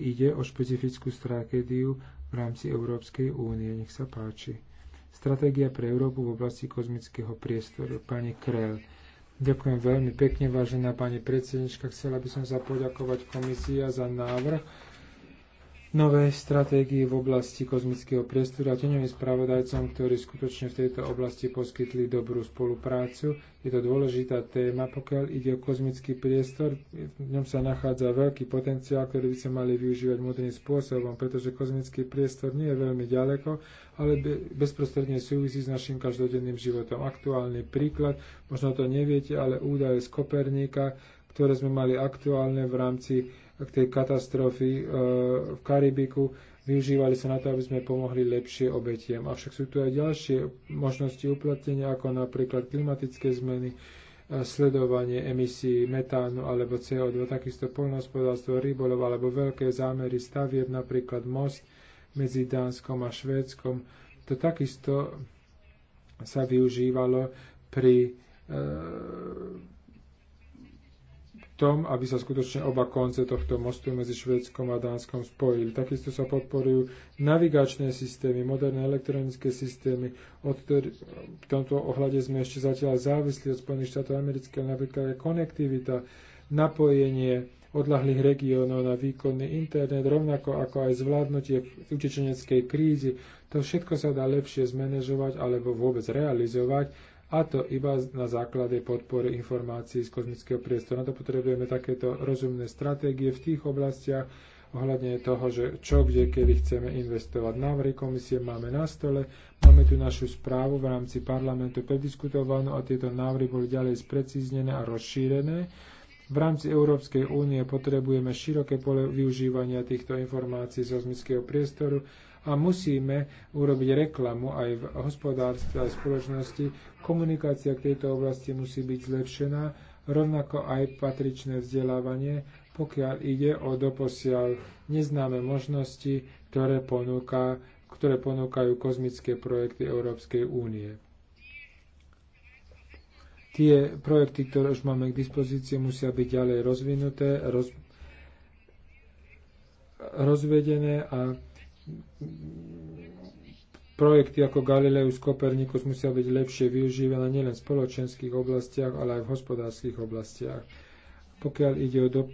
ide o špecifickú stratégiu v rámci Európskej únie. Nech sa páči. Stratégia pre Európu v oblasti kozmického priestoru. Pani Krell. Ďakujem veľmi pekne, vážená pani predsednička. Chcela by som sa poďakovať komisia za návrh novej stratégii v oblasti kozmického priestoru a teňovým spravodajcom, ktorí skutočne v tejto oblasti poskytli dobrú spoluprácu. Je to dôležitá téma, pokiaľ ide o kozmický priestor, v ňom sa nachádza veľký potenciál, ktorý by sa mali využívať modrým spôsobom, pretože kozmický priestor nie je veľmi ďaleko, ale bezprostredne súvisí s našim každodenným životom. Aktuálny príklad, možno to neviete, ale údaje z Koperníka, ktoré sme mali aktuálne v rámci k tej katastrofy e, v Karibiku, využívali sa na to, aby sme pomohli lepšie obetiem. Avšak sú tu aj ďalšie možnosti uplatnenia, ako napríklad klimatické zmeny, e, sledovanie emisí metánu alebo CO2, takisto poľnohospodárstvo, rybolov alebo veľké zámery stavieb, napríklad most medzi Dánskom a Švédskom. To takisto sa využívalo pri e, tom, aby sa skutočne oba konce tohto mostu medzi Švedskom a Dánskom spojili. Takisto sa podporujú navigačné systémy, moderné elektronické systémy. Od ktorý, v tomto ohľade sme ešte zatiaľ závislí od Spojených štátov amerických, napríklad aj konektivita, napojenie odlahlých regiónov na výkonný internet, rovnako ako aj zvládnutie utečeneckej krízy. To všetko sa dá lepšie zmanéžovať alebo vôbec realizovať, a to iba na základe podpory informácií z kozmického priestoru. Na to potrebujeme takéto rozumné stratégie v tých oblastiach, ohľadne toho, že čo, kde, kedy chceme investovať. Návrhy komisie máme na stole, máme tu našu správu v rámci parlamentu prediskutovanú a tieto návrhy boli ďalej sprecíznené a rozšírené v rámci Európskej únie potrebujeme široké pole využívania týchto informácií z kozmického priestoru a musíme urobiť reklamu aj v hospodárstve, aj v spoločnosti. Komunikácia k tejto oblasti musí byť zlepšená, rovnako aj patričné vzdelávanie, pokiaľ ide o doposiaľ neznáme možnosti, ktoré, ponúka, ktoré ponúkajú kozmické projekty Európskej únie. Tie projekty, ktoré už máme k dispozícii, musia byť ďalej rozvinuté, roz, rozvedené a projekty ako Galileus Kopernikus musia byť lepšie využívané nielen v spoločenských oblastiach, ale aj v hospodárskych oblastiach. Pokiaľ ide o do,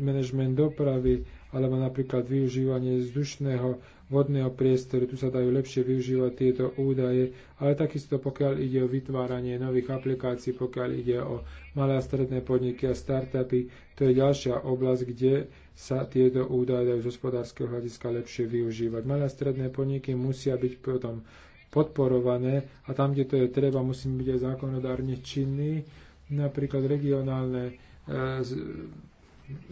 manažment dopravy alebo napríklad využívanie vzdušného vodného priestoru. Tu sa dajú lepšie využívať tieto údaje, ale takisto pokiaľ ide o vytváranie nových aplikácií, pokiaľ ide o malé a stredné podniky a startupy, to je ďalšia oblasť, kde sa tieto údaje dajú z hospodárskeho hľadiska lepšie využívať. Malé a stredné podniky musia byť potom podporované a tam, kde to je treba, musíme byť aj zákonodárne činní. Napríklad regionálne e,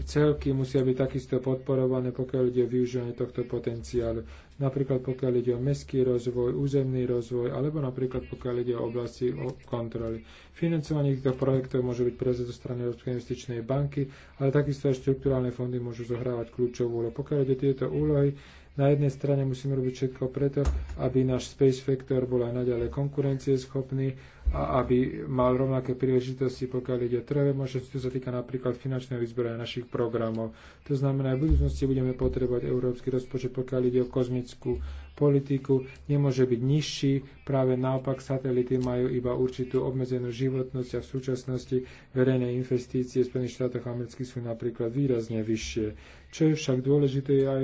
celky musia byť takisto podporované, pokiaľ ide o využívanie tohto potenciálu. Napríklad pokiaľ ide o mestský rozvoj, územný rozvoj, alebo napríklad pokiaľ ide o oblasti kontroly. Financovanie týchto projektov môže byť prevzaté zo strany Európskej investičnej banky, ale takisto aj štruktúrálne fondy môžu zohrávať kľúčovú úlohu. Pokiaľ ide tieto úlohy, na jednej strane musíme robiť všetko preto, aby náš space Factor bol aj naďalej konkurencieschopný a aby mal rovnaké príležitosti, pokiaľ ide o trhové možnosti, to sa týka napríklad finančného vyzberania našich programov. To znamená, aj v budúcnosti budeme potrebovať európsky rozpočet, pokiaľ ide o kozmickú politiku, nemôže byť nižší. Práve naopak, satelity majú iba určitú obmedzenú životnosť a v súčasnosti verejné investície v Spojených štátoch amerických sú napríklad výrazne vyššie. Čo je však dôležité, je aj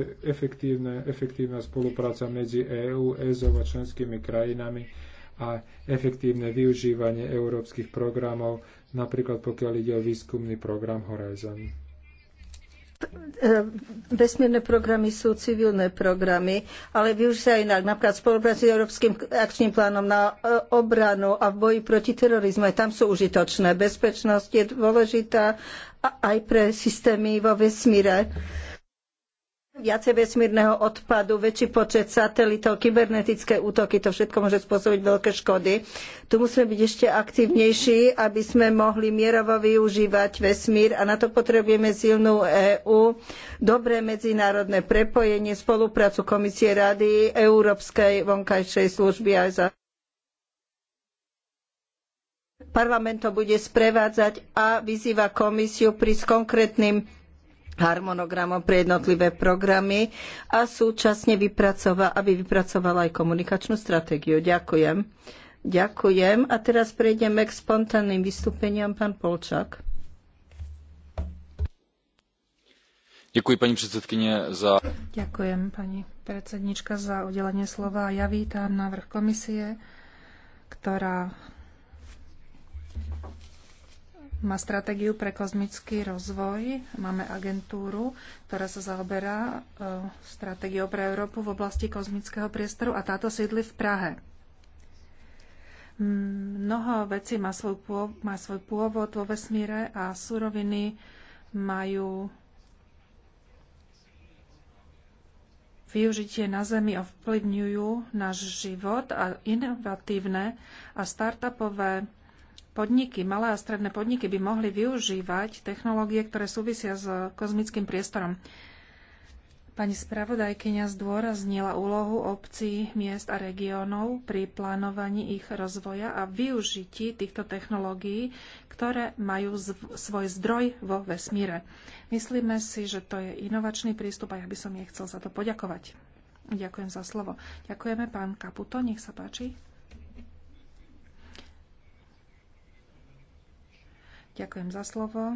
efektívna spolupráca medzi EÚ, EZO a členskými krajinami a efektívne využívanie európskych programov, napríklad pokiaľ ide o výskumný program Horizon. E, vesmírne programy sú civilné programy, ale využijú sa inak. Napríklad spolupráci s Európskym akčným plánom na e, obranu a v boji proti terorizmu. Tam sú užitočné. Bezpečnosť je dôležitá aj pre systémy vo vesmíre viacej vesmírneho odpadu, väčší počet satelitov, kybernetické útoky, to všetko môže spôsobiť veľké škody. Tu musíme byť ešte aktívnejší, aby sme mohli mierovo využívať vesmír a na to potrebujeme silnú EÚ, dobré medzinárodné prepojenie, spoluprácu Komisie Rady, Európskej vonkajšej služby aj za parlament to bude sprevádzať a vyzýva komisiu prísť s konkrétnym harmonogramom pre jednotlivé programy a súčasne aby vypracovala aj komunikačnú stratégiu. Ďakujem. Ďakujem. A teraz prejdeme k spontánnym vystúpeniam. Pán Polčák. Ďakujem pani predsedkynie za... Ďakujem pani predsednička za udelenie slova. Ja vítam návrh komisie, ktorá má stratégiu pre kozmický rozvoj. Máme agentúru, ktorá sa zaoberá e, stratégiou pre Európu v oblasti kozmického priestoru a táto sídli v Prahe. Mnoho vecí má svoj, pôvod, má svoj pôvod vo vesmíre a suroviny majú využitie na Zemi ovplyvňujú náš život a inovatívne a startupové podniky, malé a stredné podniky by mohli využívať technológie, ktoré súvisia s kozmickým priestorom. Pani spravodajkyňa zdôraznila úlohu obcí, miest a regiónov pri plánovaní ich rozvoja a využití týchto technológií, ktoré majú svoj zdroj vo vesmíre. Myslíme si, že to je inovačný prístup a ja by som jej chcel za to poďakovať. Ďakujem za slovo. Ďakujeme pán Kaputo, nech sa páči. Ďakujem za slovo.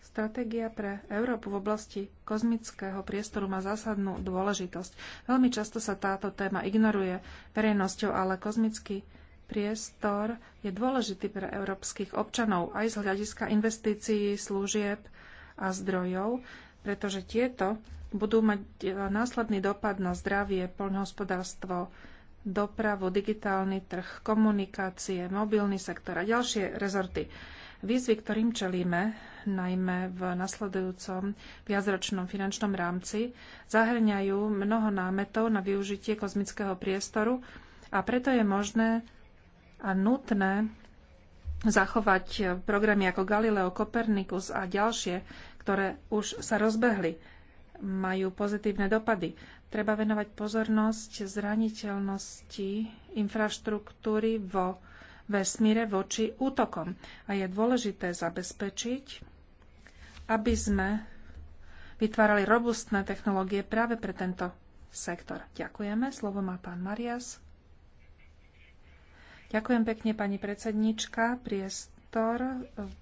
Stratégia pre Európu v oblasti kozmického priestoru má zásadnú dôležitosť. Veľmi často sa táto téma ignoruje verejnosťou, ale kozmický priestor je dôležitý pre európskych občanov aj z hľadiska investícií, služieb a zdrojov, pretože tieto budú mať následný dopad na zdravie, poľnohospodárstvo, dopravu, digitálny trh, komunikácie, mobilný sektor a ďalšie rezorty. Výzvy, ktorým čelíme, najmä v nasledujúcom viacročnom finančnom rámci, zahrňajú mnoho námetov na využitie kozmického priestoru a preto je možné a nutné zachovať programy ako Galileo, Copernicus a ďalšie, ktoré už sa rozbehli majú pozitívne dopady. Treba venovať pozornosť zraniteľnosti infraštruktúry vo vesmíre voči útokom. A je dôležité zabezpečiť, aby sme vytvárali robustné technológie práve pre tento sektor. Ďakujeme. Slovo má pán Marias. Ďakujem pekne, pani predsednička. Priest sektor v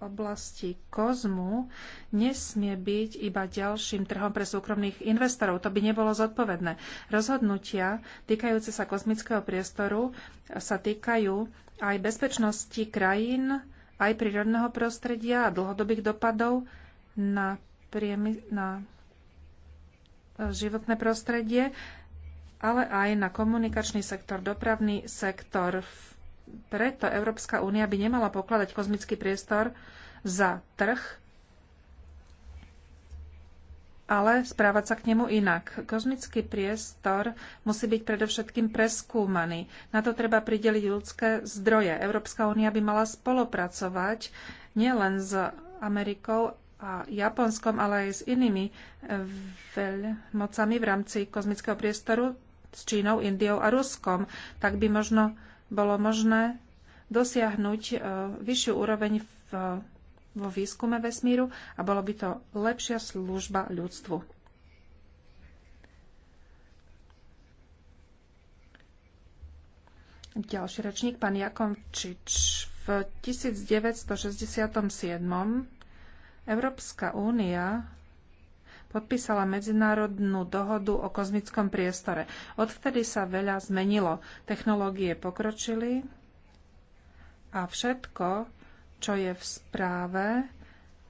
oblasti kozmu nesmie byť iba ďalším trhom pre súkromných investorov. To by nebolo zodpovedné. Rozhodnutia týkajúce sa kozmického priestoru sa týkajú aj bezpečnosti krajín, aj prírodného prostredia a dlhodobých dopadov na, priemy, na e, životné prostredie, ale aj na komunikačný sektor, dopravný sektor, preto Európska únia by nemala pokladať kozmický priestor za trh, ale správať sa k nemu inak. Kozmický priestor musí byť predovšetkým preskúmaný. Na to treba prideliť ľudské zdroje. Európska únia by mala spolupracovať nielen s Amerikou a Japonskom, ale aj s inými veľmocami v rámci kozmického priestoru s Čínou, Indiou a Ruskom. Tak by možno bolo možné dosiahnuť e, vyššiu úroveň v, e, vo výskume vesmíru a bolo by to lepšia služba ľudstvu. Ďalší rečník, pán Jakomčič. V 1967 Európska únia podpísala medzinárodnú dohodu o kozmickom priestore. Odvtedy sa veľa zmenilo. Technológie pokročili a všetko, čo je v správe,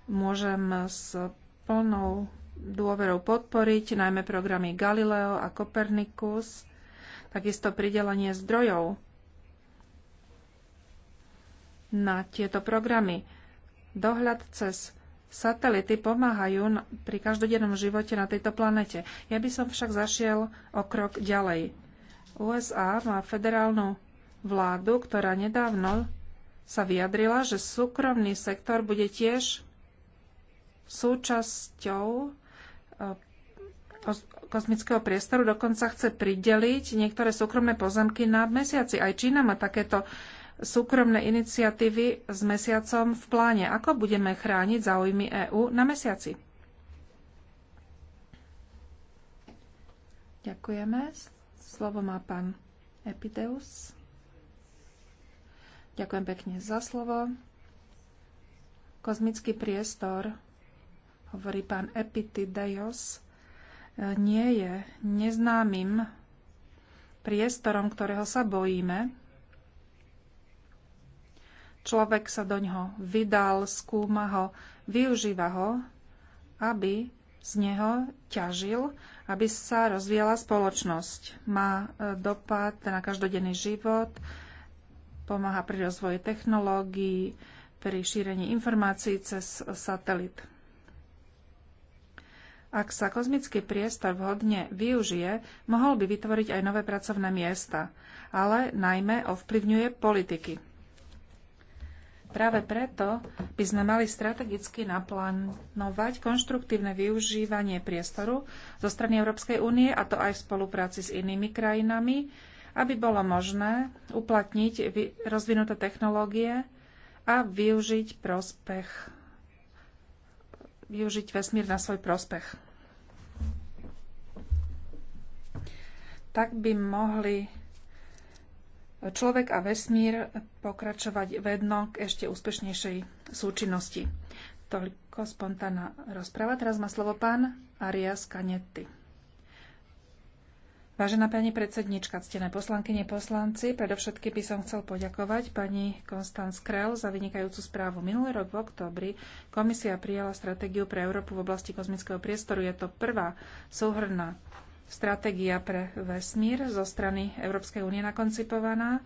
môžem s plnou dôverou podporiť, najmä programy Galileo a Copernicus, takisto pridelenie zdrojov na tieto programy. Dohľad cez Satelity pomáhajú pri každodennom živote na tejto planete. Ja by som však zašiel o krok ďalej. USA má federálnu vládu, ktorá nedávno sa vyjadrila, že súkromný sektor bude tiež súčasťou e, kozmického priestoru. Dokonca chce prideliť niektoré súkromné pozemky na mesiaci. Aj Čína má takéto súkromné iniciatívy s mesiacom v pláne. Ako budeme chrániť záujmy EÚ na mesiaci? Ďakujeme. Slovo má pán Epideus. Ďakujem pekne za slovo. Kozmický priestor, hovorí pán Epitideus, nie je neznámym priestorom, ktorého sa bojíme, Človek sa do ňoho vydal, skúma ho, využíva ho, aby z neho ťažil, aby sa rozvíjala spoločnosť. Má e, dopad na každodenný život, pomáha pri rozvoji technológií, pri šírení informácií cez satelit. Ak sa kozmický priestor vhodne využije, mohol by vytvoriť aj nové pracovné miesta, ale najmä ovplyvňuje politiky. Práve preto by sme mali strategicky naplánovať konštruktívne využívanie priestoru zo strany Európskej únie, a to aj v spolupráci s inými krajinami, aby bolo možné uplatniť rozvinuté technológie a využiť prospech, využiť vesmír na svoj prospech. Tak by mohli človek a vesmír pokračovať vedno k ešte úspešnejšej súčinnosti. Toľko spontánna rozpráva. Teraz má slovo pán Arias Kanetti. Vážená pani predsednička, ctené poslankyne, poslanci, predovšetky by som chcel poďakovať pani Konstanz Krell za vynikajúcu správu. Minulý rok v oktobri komisia prijala stratégiu pre Európu v oblasti kozmického priestoru. Je to prvá súhrná stratégia pre vesmír zo strany Európskej únie nakoncipovaná.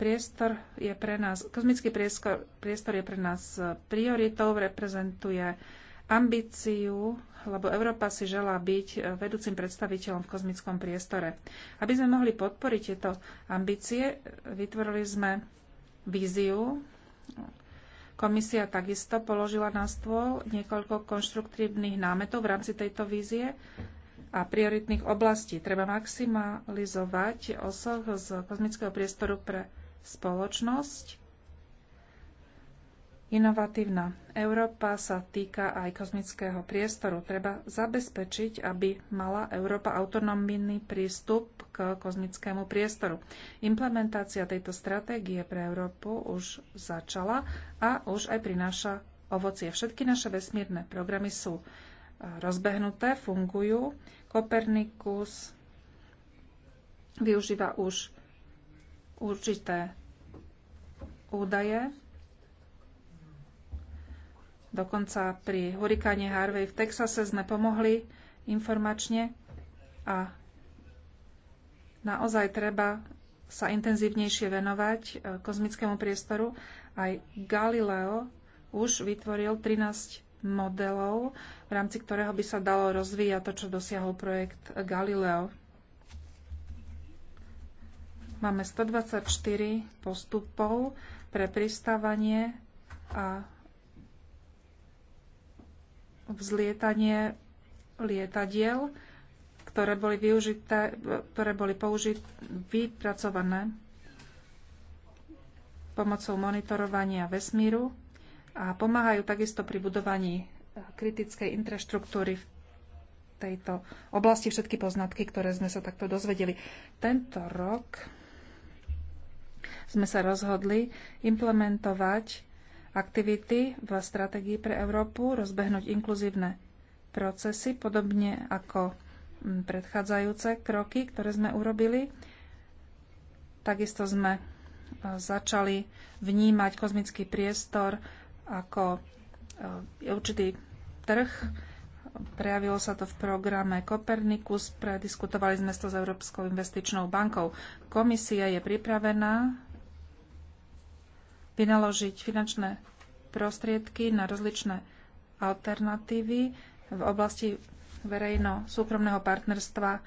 Priestor je pre nás, kozmický priestor, priestor je pre nás prioritou, reprezentuje ambíciu, lebo Európa si želá byť vedúcim predstaviteľom v kozmickom priestore. Aby sme mohli podporiť tieto ambície, vytvorili sme víziu. Komisia takisto položila na stôl niekoľko konštruktívnych námetov v rámci tejto vízie a prioritných oblastí. Treba maximalizovať osoch z kozmického priestoru pre spoločnosť. Inovatívna Európa sa týka aj kozmického priestoru. Treba zabezpečiť, aby mala Európa autonómny prístup k kozmickému priestoru. Implementácia tejto stratégie pre Európu už začala a už aj prináša ovocie. Všetky naše vesmírne programy sú rozbehnuté, fungujú. Kopernikus využíva už určité údaje. Dokonca pri hurikáne Harvey v Texase sme pomohli informačne a naozaj treba sa intenzívnejšie venovať e, kozmickému priestoru. Aj Galileo už vytvoril 13 modelov, v rámci ktorého by sa dalo rozvíjať to, čo dosiahol projekt Galileo. Máme 124 postupov pre pristávanie a vzlietanie lietadiel, ktoré boli, využité, ktoré boli použité, vypracované pomocou monitorovania vesmíru a pomáhajú takisto pri budovaní e, kritickej infraštruktúry v tejto oblasti všetky poznatky, ktoré sme sa takto dozvedeli. Tento rok sme sa rozhodli implementovať aktivity v stratégii pre Európu, rozbehnúť inkluzívne procesy, podobne ako predchádzajúce kroky, ktoré sme urobili. Takisto sme e, začali vnímať kozmický priestor ako e, určitý trh. Prejavilo sa to v programe Kopernikus, prediskutovali sme to s Európskou investičnou bankou. Komisia je pripravená vynaložiť finančné prostriedky na rozličné alternatívy v oblasti verejno-súkromného partnerstva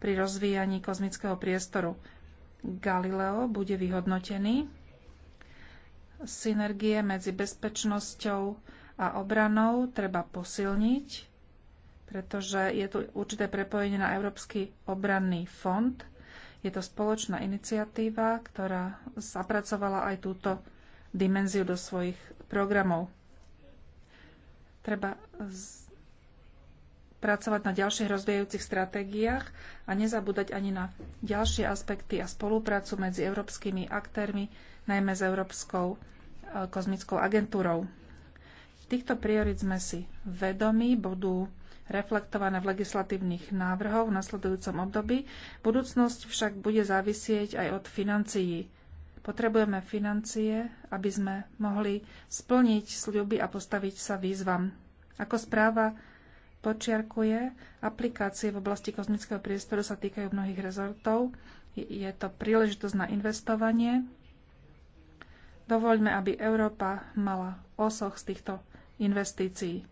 pri rozvíjaní kozmického priestoru. Galileo bude vyhodnotený synergie medzi bezpečnosťou a obranou treba posilniť, pretože je tu určité prepojenie na Európsky obranný fond. Je to spoločná iniciatíva, ktorá zapracovala aj túto dimenziu do svojich programov. Treba pracovať na ďalších rozvíjajúcich stratégiách a nezabúdať ani na ďalšie aspekty a spoluprácu medzi európskymi aktérmi, najmä s Európskou e, kozmickou agentúrou. Týchto priorit sme si vedomi, budú reflektované v legislatívnych návrhoch v nasledujúcom období. Budúcnosť však bude závisieť aj od financií. Potrebujeme financie, aby sme mohli splniť sľuby a postaviť sa výzvam. Ako správa počiarkuje, aplikácie v oblasti kozmického priestoru sa týkajú mnohých rezortov. Je to príležitosť na investovanie. Dovoľme, aby Európa mala osoch z týchto investícií.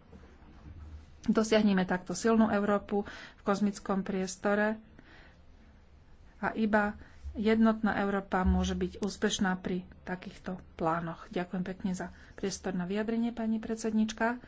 Dosiahneme takto silnú Európu v kozmickom priestore a iba jednotná Európa môže byť úspešná pri takýchto plánoch. Ďakujem pekne za priestor na vyjadrenie, pani predsednička.